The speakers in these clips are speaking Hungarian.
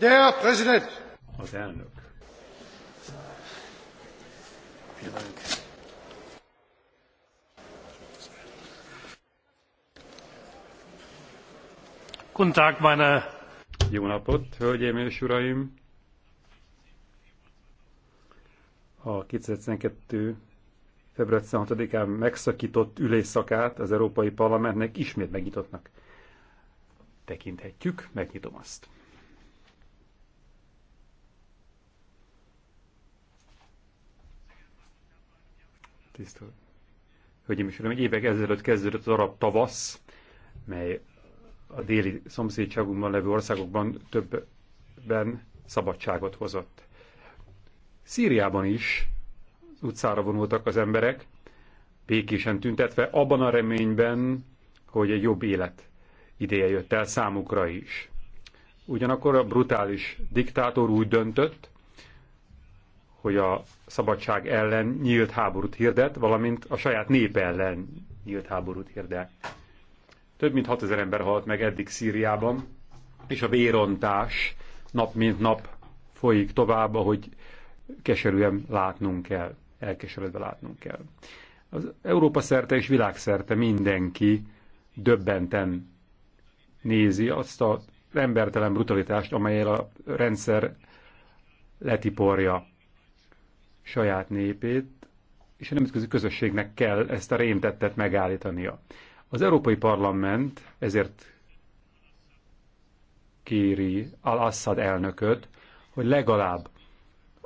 Der Präsident! Az elnök. Guten Tag, meine... Jó napot, hölgyeim és uraim! A 2012. február 16-án megszakított ülésszakát az Európai Parlamentnek ismét megnyitottnak tekinthetjük, megnyitom azt. Tisztelt. Hölgyeim és Uram, egy évek ezelőtt kezdődött az arab tavasz, mely a déli szomszédságunkban levő országokban többben szabadságot hozott. Szíriában is utcára vonultak az emberek, békésen tüntetve, abban a reményben, hogy egy jobb élet ideje jött el számukra is. Ugyanakkor a brutális diktátor úgy döntött, hogy a szabadság ellen nyílt háborút hirdet, valamint a saját nép ellen nyílt háborút hirdet. Több mint 6000 ember halt meg eddig Szíriában, és a vérontás nap mint nap folyik tovább, ahogy keserűen látnunk kell, elkeseredve látnunk kell. Az Európa szerte és világszerte mindenki döbbenten nézi azt a embertelen brutalitást, amelyel a rendszer letiporja saját népét, és a nemzetközi közösségnek kell ezt a rémtettet megállítania. Az Európai Parlament ezért kéri al-Assad elnököt, hogy legalább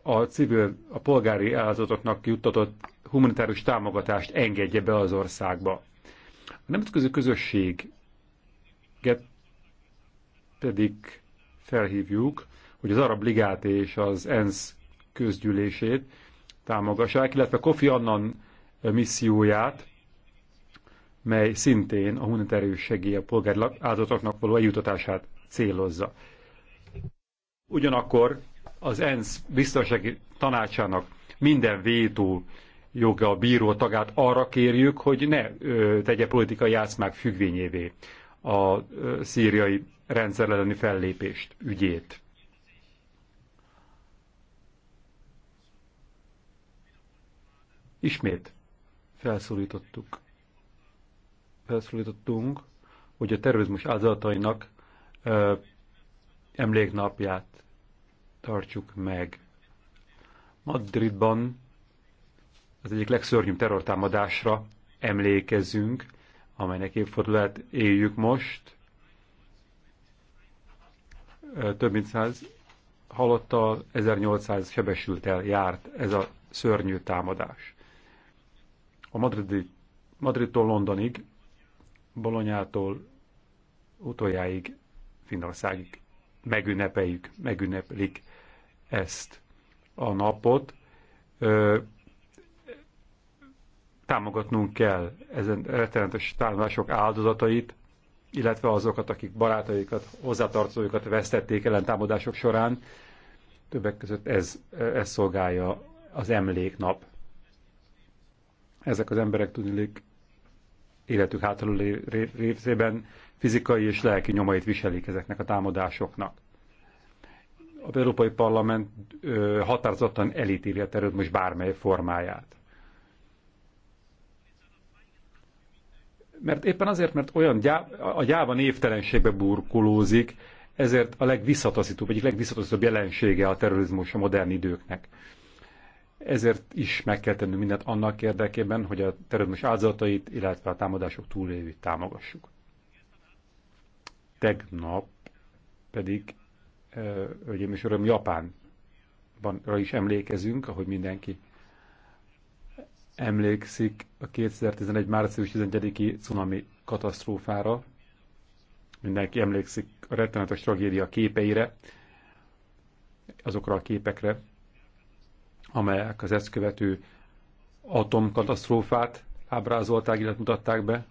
a civil, a polgári áldozatoknak juttatott humanitárius támogatást engedje be az országba. A nemzetközi közösség pedig felhívjuk, hogy az Arab Ligát és az ENSZ közgyűlését támogassák, illetve Kofi Annan misszióját, mely szintén a humanitárius segély a polgári áldozatoknak való eljutatását célozza. Ugyanakkor az ENSZ biztonsági tanácsának minden vétó joga a bíró tagát arra kérjük, hogy ne ö, tegye politikai játszmák függvényévé a ö, szíriai rendszer elleni fellépést, ügyét. Ismét felszólítottuk, felszólítottunk, hogy a terrorizmus áldozatainak emléknapját tartsuk meg. Madridban az egyik legszörnyűbb terrortámadásra emlékezünk, amelynek évfordulát éljük most. Több mint száz halottal, 1800 sebesültel járt ez a szörnyű támadás a Madridi, Madridtól Londonig, Bolonyától utoljáig Finnországig megünnepeljük, megünneplik ezt a napot. Ö, támogatnunk kell ezen rettenetes támadások áldozatait, illetve azokat, akik barátaikat, hozzátartozóikat vesztették ellen támadások során. Többek között ez, ez szolgálja az emléknap ezek az emberek tudnék életük hátra részében fizikai és lelki nyomait viselik ezeknek a támadásoknak. Az Európai Parlament határozottan elítéli a most bármely formáját. Mert éppen azért, mert olyan gyá, a gyáva névtelenségbe burkolózik, ezért a legvisszataszítóbb, egyik legvisszataszítóbb jelensége a terrorizmus a modern időknek. Ezért is meg kell tennünk mindent annak érdekében, hogy a terrorizmus áldozatait, illetve a támadások túlélőit támogassuk. Tegnap pedig, hölgyeim és öröm, Japánban is emlékezünk, ahogy mindenki emlékszik a 2011. március 11-i cunami katasztrófára. Mindenki emlékszik a rettenetes tragédia képeire, azokra a képekre, amelyek az ezt követő atomkatasztrófát ábrázolták, illetve mutatták be.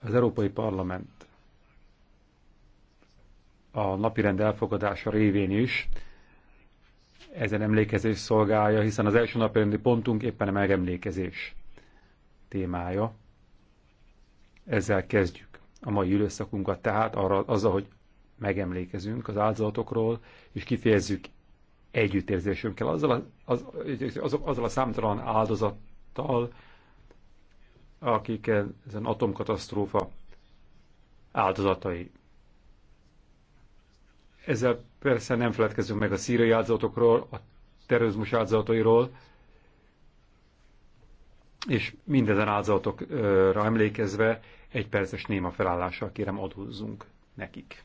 Az Európai Parlament a napirend elfogadása révén is ezen emlékezés szolgálja, hiszen az első napirendi pontunk éppen a megemlékezés témája. Ezzel kezdjük a mai időszakunkat, tehát arra, azzal, hogy megemlékezünk az áldozatokról, és kifejezzük együttérzésünkkel azzal a, az, az, azzal a számtalan áldozattal, akik ezen atomkatasztrófa áldozatai. Ezzel persze nem feledkezünk meg a szírai áldozatokról, a terrorizmus áldozatairól, és mindezen áldozatokra emlékezve egy perces néma felállással kérem adózzunk nekik.